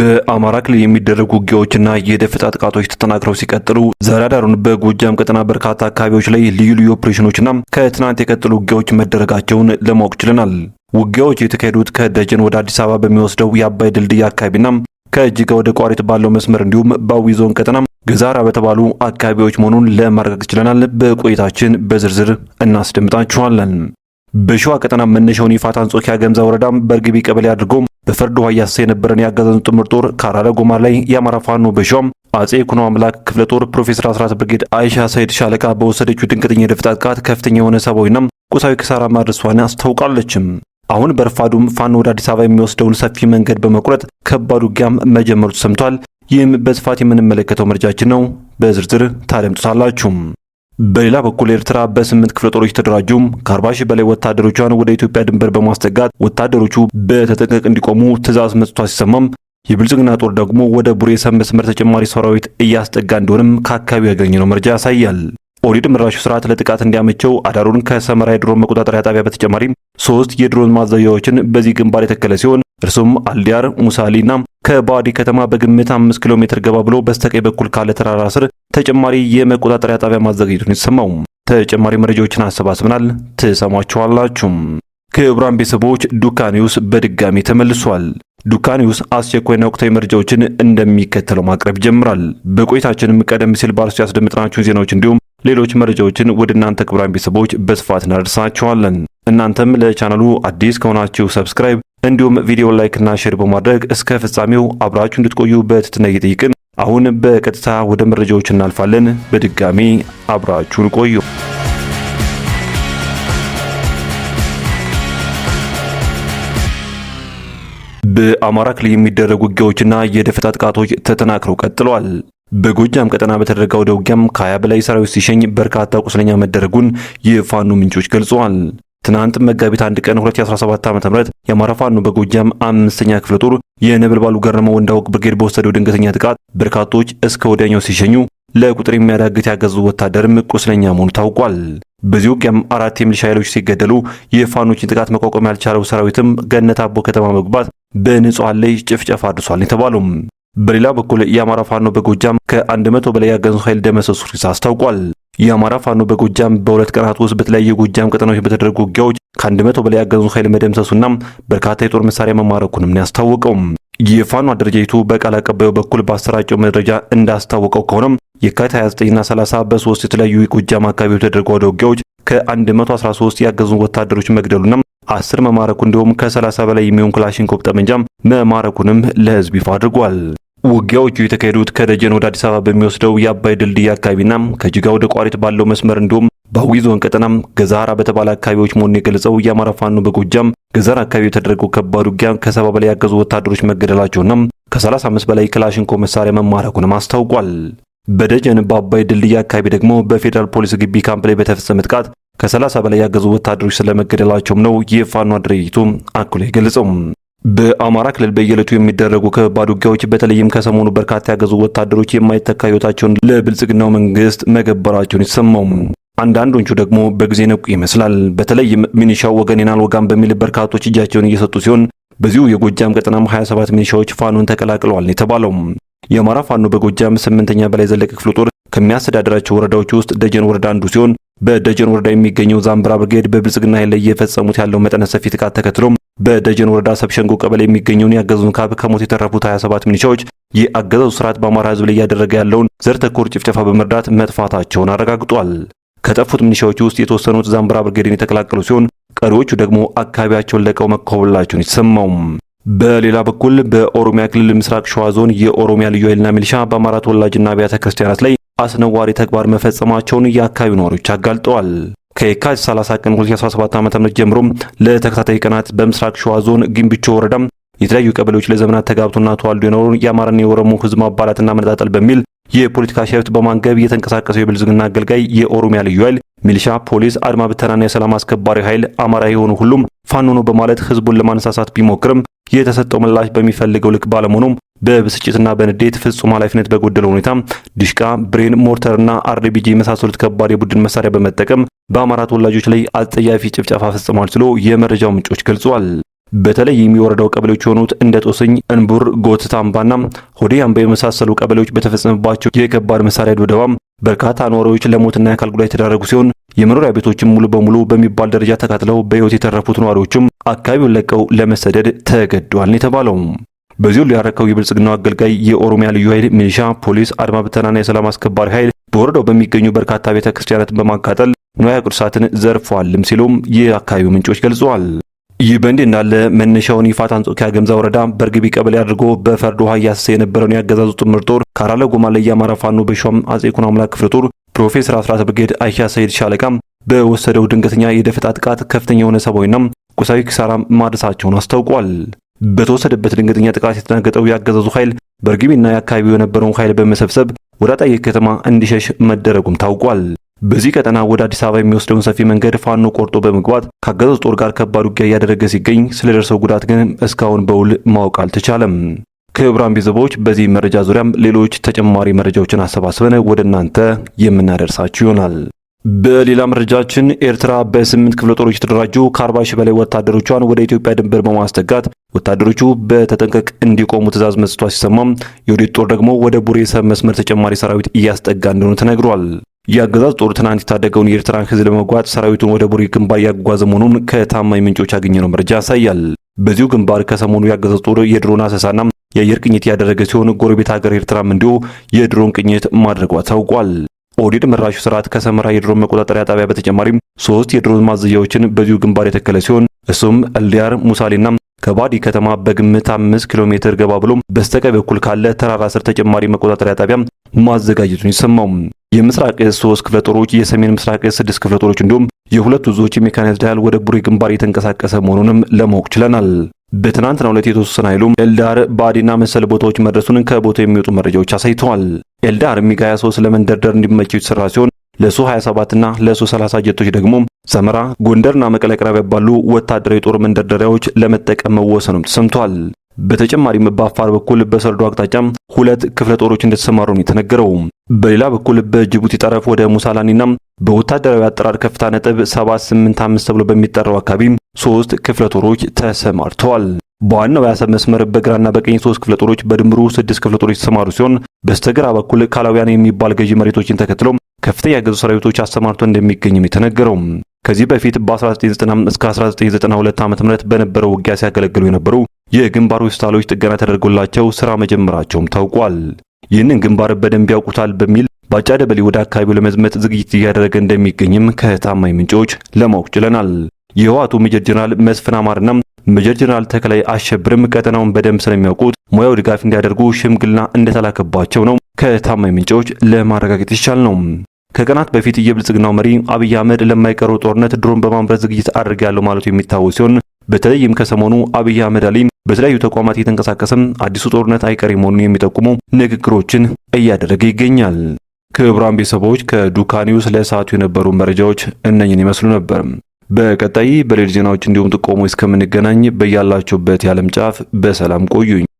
በአማራ ክልል የሚደረጉ ውጊያዎችና የደፈጣ ጥቃቶች ተጠናክረው ሲቀጥሉ ዛሬ አዳሩን በጎጃም ቀጠና በርካታ አካባቢዎች ላይ ልዩ ልዩ ኦፕሬሽኖችና ከትናንት የቀጠሉ ውጊያዎች መደረጋቸውን ለማወቅ ችለናል። ውጊያዎች የተካሄዱት ከደጀን ወደ አዲስ አበባ በሚወስደው የአባይ ድልድይ አካባቢና ከእጅጋ ወደ ቋሪት ባለው መስመር እንዲሁም በአዊ ዞን ቀጠና ገዛራ በተባሉ አካባቢዎች መሆኑን ለማረጋገጥ ችለናል። በቆይታችን በዝርዝር እናስደምጣችኋለን። በሸዋ ቀጠና መነሻውን ይፋት አንጾኪያ ገምዛ ወረዳም በእርግቢ ቀበሌ አድርጎ በፈርድ ውሃ እያሰ የነበረን የአገዛዙ ጥምር ጦር ካራለ ጎማ ላይ የአማራ ፋኖ በሸዋም አጼ ኩኖ አምላክ ክፍለ ጦር ፕሮፌሰር አስራት ብርጌድ አይሻ ሰይድ ሻለቃ በወሰደችው ድንገተኛ የደፈጣ ጥቃት ከፍተኛ የሆነ ሰብአዊና ቁሳዊ ክሳራ ማድረሷን አስታውቃለችም። አሁን በርፋዱም ፋኖ ወደ አዲስ አበባ የሚወስደውን ሰፊ መንገድ በመቁረጥ ከባድ ውጊያም መጀመሩ ተሰምቷል። ይህም በስፋት የምንመለከተው መረጃችን ነው። በዝርዝር ታደምጡታላችሁ። በሌላ በኩል ኤርትራ በስምንት ክፍለ ጦሮች ተደራጁም ከአርባ ሺህ በላይ ወታደሮቿን ወደ ኢትዮጵያ ድንበር በማስጠጋት ወታደሮቹ በተጠንቀቅ እንዲቆሙ ትእዛዝ መጽቷ ሲሰማም የብልጽግና ጦር ደግሞ ወደ ቡሬ ሰንበት ትምህርት ተጨማሪ ሰራዊት እያስጠጋ እንደሆነም ከአካባቢው ያገኘነው መረጃ ያሳያል። ኦዲድ ምራሹ ስርዓት ለጥቃት እንዲያመቸው አዳሩን ከሰመራ የድሮን መቆጣጠሪያ ጣቢያ በተጨማሪም ሶስት የድሮን ማዘዣዎችን በዚህ ግንባር የተከለ ሲሆን እርሱም አልዲያር ሙሳሊና ከባዲ ከተማ በግምት 5 ኪሎ ሜትር ገባ ብሎ በስተቀኝ በኩል ካለ ተራራ ስር ተጨማሪ የመቆጣጠሪያ ጣቢያ ማዘጋጀቱን የተሰማው። ተጨማሪ መረጃዎችን አሰባስበናል፣ ትሰማችኋላችሁ። ክቡራን ቤተሰቦች ዱካ በድጋሚ ተመልሷል። ዱካ ኒውስ አስቸኳይና ወቅታዊ መረጃዎችን እንደሚከተለው ማቅረብ ይጀምራል። በቆይታችንም ቀደም ሲል ባርሱ ያስደምጥናችሁን ዜናዎች እንዲሁም ሌሎች መረጃዎችን ወደ እናንተ ክቡራን ቤተሰቦች በስፋት እናደርሳችኋለን። እናንተም ለቻናሉ አዲስ ከሆናችሁ ሰብስክራይብ እንዲሁም ቪዲዮ ላይክና ሼር በማድረግ እስከ ፍጻሜው አብራችሁ እንድትቆዩ በትህትና እየጠየቅን አሁን በቀጥታ ወደ መረጃዎች እናልፋለን። በድጋሚ አብራችሁን ቆዩ። በአማራ ክልል የሚደረጉ ውጊያዎችና የደፈጣ ጥቃቶች ተጠናክረው ቀጥለዋል። በጎጃም ቀጠና በተደረገው አውደ ውጊያም ከ20 በላይ ሰራዊት ሲሸኝ በርካታ ቁስለኛ መደረጉን የፋኖ ምንጮች ገልጸዋል። ትናንት መጋቢት አንድ ቀን 2017 ዓ.ም የአማራ ፋኖ በጎጃም አምስተኛ ክፍለ ጦር የነበልባሉ ገረመው ወንዳውቅ ብርጌድ በወሰደው ድንገተኛ ጥቃት በርካቶች እስከ ወዲያኛው ሲሸኙ ለቁጥር የሚያዳግት ያገዙ ወታደርም ቁስለኛ መሆኑ ታውቋል። በዚህ ውጊያም አራት የሚሊሻ ኃይሎች ሲገደሉ የፋኖችን ጥቃት መቋቋም ያልቻለው ሰራዊትም ገነት አቦ ከተማ መግባት በንጹሃን ላይ ጭፍጨፋ አድርሷል የተባሉም በሌላ በኩል የአማራ ፋኖ በጎጃም ከ100 በላይ ያገዙ ኃይል ደመሰሱ ሲል አስታውቋል። የአማራ ፋኖ በጎጃም በሁለት ቀናት ውስጥ በተለያዩ የጎጃም ቀጠናዎች በተደረጉ ውጊያዎች ከ100 በላይ ያገዙ ኃይል መደምሰሱና በርካታ የጦር መሳሪያ መማረኩንም ነው ያስታወቀው። የፋኖ አደረጃጀቱ በቃል አቀባዩ በኩል በአሰራጨው መረጃ እንዳስታወቀው ከሆነም የካቲት 29ና 30 በሶስት የተለያዩ የጎጃም አካባቢዎች ተደረጉ አውደ ውጊያዎች ከ113 ያገዙ ወታደሮች መግደሉና አስር መማረኩ እንዲሁም ከ30 በላይ የሚሆን ክላሽንኮቭ ጠመንጃም መማረኩንም ለህዝብ ይፋ አድርጓል። ውጊያዎቹ የተካሄዱት ከደጀን ወደ አዲስ አበባ በሚወስደው የአባይ ድልድይ አካባቢና ከጅጋ ወደ ቋሪት ባለው መስመር እንዲሁም በአዊ ዞን ቀጠናም ገዛራ በተባለ አካባቢዎች መሆኑን የገለጸው የአማራ ፋኖ በጎጃም ገዛራ አካባቢ የተደረገው ከባድ ውጊያ ከሰባ በላይ ያገዙ ወታደሮች መገደላቸውና ከ35 በላይ ክላሽንኮ መሳሪያ መማረኩንም አስታውቋል። በደጀን በአባይ ድልድይ አካባቢ ደግሞ በፌዴራል ፖሊስ ግቢ ካምፕ ላይ በተፈጸመ ጥቃት ከ30 በላይ ያገዙ ወታደሮች ስለመገደላቸውም ነው የፋኖ ድርጅቱ አክሎ የገለጸው። በአማራ ክልል በየዕለቱ የሚደረጉ ከባድ ውጊያዎች በተለይም ከሰሞኑ በርካታ ያገዙ ወታደሮች የማይተካ ሕይወታቸውን ለብልጽግናው መንግስት መገበራቸውን ይሰማውም። አንዳንዶቹ ደግሞ በጊዜ ነቁ ይመስላል። በተለይም ሚኒሻው ወገኔን አልወጋም በሚል በርካቶች እጃቸውን እየሰጡ ሲሆን በዚሁ የጎጃም ቀጠናም 27 ሚኒሻዎች ፋኖን ተቀላቅለዋል የተባለው የአማራ ፋኖ በጎጃም ስምንተኛ በላይ ዘለቀ ክፍለ ጦር ከሚያስተዳድራቸው ወረዳዎች ውስጥ ደጀን ወረዳ አንዱ ሲሆን በደጀን ወረዳ የሚገኘው ዛምብራ ብርጌድ በብልጽግና ኃይል ላይ እየፈጸሙት ያለው መጠነ ሰፊ ጥቃት ተከትሎ በደጀን ወረዳ ሰብሸንጎ ቀበሌ የሚገኘውን ያገዙን ካብ ከሞት የተረፉት 27 ሚኒሻዎች የአገዛዙ ስርዓት በአማራ ህዝብ ላይ እያደረገ ያለውን ዘር ተኮር ጭፍጨፋ በመርዳት መጥፋታቸውን አረጋግጧል። ከጠፉት ሚኒሻዎች ውስጥ የተወሰኑት ዛምብራ ብርጌድን የተቀላቀሉ ሲሆን ቀሪዎቹ ደግሞ አካባቢያቸውን ለቀው መኮበላቸውን የተሰማውም። በሌላ በኩል በኦሮሚያ ክልል ምስራቅ ሸዋ ዞን የኦሮሚያ ልዩ ኃይልና ሚሊሻ በአማራ ተወላጅና አብያተ ክርስቲያናት ላይ አስነዋሪ ተግባር መፈጸማቸውን የአካባቢው ነዋሪዎች አጋልጠዋል። ከየካቲት 30 ቀን 2017 ዓ.ም ጀምሮ ለተከታታይ ቀናት በምስራቅ ሸዋ ዞን ግንብቾ ወረዳ የተለያዩ ቀበሌዎች ለዘመናት ተጋብቶና ተዋልዶ የኖሩ የአማራና የኦሮሞ ህዝብ ማባላትና መነጣጠል በሚል የፖለቲካ ሸፍት በማንገብ የተንቀሳቀሰው የብልጽግና አገልጋይ የኦሮሚያ ልዩ ኃይል ሚሊሻ፣ ፖሊስ፣ አድማ ብተናና የሰላም አስከባሪ ኃይል አማራ የሆኑ ሁሉም ፋኖ ነው በማለት ህዝቡን ለማነሳሳት ቢሞክርም የተሰጠው ምላሽ በሚፈልገው ልክ ባለመሆኑም በብስጭትና በንዴት ፍጹም ኃላፊነት በጎደለው ሁኔታ ዲሽቃ፣ ብሬን፣ ሞርተርና አርቢጂ የመሳሰሉት ከባድ የቡድን መሳሪያ በመጠቀም በአማራ ተወላጆች ላይ አጸያፊ ጭፍጨፋ ፈጽሟል ሲሉ የመረጃው ምንጮች ገልጿል። በተለይ የሚወረዳው ቀበሌዎች የሆኑት እንደ ጦስኝ፣ እንቡር፣ ጎትታምባና ሆዴያምባ የመሳሰሉ ቀበሌዎች በተፈጸመባቸው የከባድ መሳሪያ ድብደባ በርካታ ነዋሪዎች ለሞትና የአካል ጉዳት የተዳረጉ ሲሆን የመኖሪያ ቤቶችም ሙሉ በሙሉ በሚባል ደረጃ ተካትለው በሕይወት የተረፉት ነዋሪዎችም አካባቢውን ለቀው ለመሰደድ ተገደዋል የተባለው በዚሁ ሊያረከው የብልጽግናው አገልጋይ የኦሮሚያ ልዩ ኃይል ሚሊሻ፣ ፖሊስ፣ አድማ ብተናና የሰላም አስከባሪ ኃይል በወረዳው በሚገኙ በርካታ ቤተ ክርስቲያናትን በማቃጠል ንዋየ ቅዱሳትን ዘርፈዋልም ሲሉም የአካባቢው ምንጮች ገልጸዋል። ይህ በእንዲህ እንዳለ መነሻውን ይፋት አንጾኪያ ገምዛ ወረዳ በእርግቢ ቀበሌ አድርጎ በፈርድ ውሃ እያሰሰ የነበረውን የአገዛዙ ጥምር ጦር ካራለ ጎማ ላይ የአማራ ፋኖ በሸም አጼ ይኩኖ አምላክ ክፍለ ጦር ፕሮፌሰር አስራት ብርጌድ አይሻ ሰይድ ሻለቃ በወሰደው ድንገተኛ የደፈጣ ጥቃት ከፍተኛ የሆነ ሰብአዊና ቁሳዊ ኪሳራ ማድረሳቸውን አስታውቋል። በተወሰደበት ድንገተኛ ጥቃት የተደናገጠው ያገዘዙ ኃይል በእርግቢና የአካባቢው የነበረውን ኃይል በመሰብሰብ ወደ አጣዬ ከተማ እንዲሸሽ መደረጉም ታውቋል። በዚህ ቀጠና ወደ አዲስ አበባ የሚወስደውን ሰፊ መንገድ ፋኖ ቆርጦ በመግባት ካገዘዙ ጦር ጋር ከባድ ውጊያ እያደረገ ሲገኝ ስለደርሰው ጉዳት ግን እስካሁን በውል ማወቅ አልተቻለም። ክቡራን ቤተሰቦች በዚህ መረጃ ዙሪያም ሌሎች ተጨማሪ መረጃዎችን አሰባስበን ወደ እናንተ የምናደርሳችሁ ይሆናል። በሌላ መረጃችን ኤርትራ በስምንት ክፍለ ጦሮች የተደራጁ ከአርባ ሺህ በላይ ወታደሮቿን ወደ ኢትዮጵያ ድንበር በማስጠጋት ወታደሮቹ በተጠንቀቅ እንዲቆሙ ትእዛዝ መስጠቷ ሲሰማም የወዴት ጦር ደግሞ ወደ ሰብ መስመር ተጨማሪ ሰራዊት እያስጠጋ እንደሆነ ተነግሯል። የአገዛዝ ጦር ትናንት የታደገውን የኤርትራን ህዝብ ለመጓዝ ሰራዊቱን ወደ ቡሬ ግንባር እያጓዘ መሆኑን ከታማኝ ምንጮች ያገኘነው መረጃ ያሳያል። በዚሁ ግንባር ከሰሞኑ የአገዛዝ ጦር የድሮን አሰሳና የአየር ቅኝት ያደረገ ሲሆን ጎረቤት ሀገር ኤርትራም እንዲሁ የድሮን ቅኝት ማድረጓ ታውቋል። ኦዲድ መራሹ ስርዓት ከሰመራ የድሮን መቆጣጠሪያ ጣቢያ በተጨማሪም ሶስት የድሮን ማዘያዎችን በዚሁ ግንባር የተከለ ሲሆን እሱም ኤልዲአር ሙሳሌና ከባዲ ከተማ በግምት 5 ኪሎ ሜትር ገባ ብሎ በስተቀኝ በኩል ካለ ተራራ ስር ተጨማሪ መቆጣጠሪያ ጣቢያ ማዘጋጀቱን ይሰማው። የምስራቅ እዝ 3 ክፍለ ጦሮች፣ የሰሜን ምስራቅ እዝ 6 ክፍለ ጦሮች እንዲሁም የሁለቱ እዞች የሜካናይዝድ ኃይል ወደ ቡሬ ግንባር የተንቀሳቀሰ መሆኑንም ለማወቅ ችለናል። በትናንትናው ዕለት የተወሰነ ኃይሉ ኤልዳር ባዲና መሰል ቦታዎች መድረሱን ከቦታው የሚወጡ መረጃዎች አሳይተዋል። ኤልዳር ሚግ 23 ለመንደርደር እንዲመቸው የተሰራ ሲሆን ለሱ 27 እና ለሱ 30 ጀቶች ደግሞ ሰመራ፣ ጎንደርና መቀለ አቅራቢያ ባሉ ወታደራዊ የጦር መንደርደሪያዎች ለመጠቀም መወሰኑም ተሰምቷል። በተጨማሪም በአፋር በኩል በሰርዶ አቅጣጫ ሁለት ክፍለ ጦሮች እንደተሰማሩ ነው የተነገረው። በሌላ በኩል በጅቡቲ ጠረፍ ወደ ሙሳላኒና በወታደራዊ አጠራር ከፍታ ነጥብ 785 ተብሎ በሚጠራው አካባቢ ሶስት ክፍለ ጦሮች ተሰማርተዋል። በዋናው የአሰብ መስመር በግራና በቀኝ ሶስት ክፍለ ጦሮች በድምሩ ስድስት ክፍለ ጦሮች የተሰማሩ ሲሆን በስተግራ በኩል ካላውያን የሚባል ገዢ መሬቶችን ተከትሎ ከፍተኛ ገዙ ሰራዊቶች አሰማርቶ እንደሚገኝም የተነገረው ከዚህ በፊት በ1995 እስከ 1992 ዓ.ም በነበረው ውጊያ ሲያገለግሉ የነበሩ የግንባር ሆስፒታሎች ጥገና ተደርጎላቸው ስራ መጀመራቸውም ታውቋል። ይህንን ግንባር በደንብ ያውቁታል በሚል ባጫ ደበሌ ወደ አካባቢው ለመዝመት ዝግጅት እያደረገ እንደሚገኝም ከታማኝ ምንጮች ለማወቅ ችለናል። የህወሓቱ ሜጀር ጀነራል መስፍን አማርና ሜጀር ጀነራል ተከላይ አሸብርም ቀጠናውን በደንብ ስለሚያውቁት ሙያው ድጋፍ እንዲያደርጉ ሽምግልና እንደተላከባቸው ነው ከታማኝ ምንጮች ለማረጋገጥ ይቻል ነው። ከቀናት በፊት የብልጽግናው መሪ አብይ አህመድ ለማይቀረው ጦርነት ድሮን በማምረት ዝግጅት አድርጌያለሁ ማለቱ የሚታወስ ሲሆን በተለይም ከሰሞኑ አብይ አህመድ አሊ በተለያዩ ተቋማት እየተንቀሳቀሰም አዲሱ ጦርነት አይቀሬ መሆኑን የሚጠቁሙ ንግግሮችን እያደረገ ይገኛል። ክቡራን ቤተሰቦች ከዱካ ኒውስ ለሰዓቱ የነበሩ መረጃዎች እነኝን ይመስሉ ነበር። በቀጣይ በሌሎች ዜናዎች እንዲሁም ጥቆሞ እስከምንገናኝ በያላችሁበት የዓለም ጫፍ በሰላም ቆዩኝ።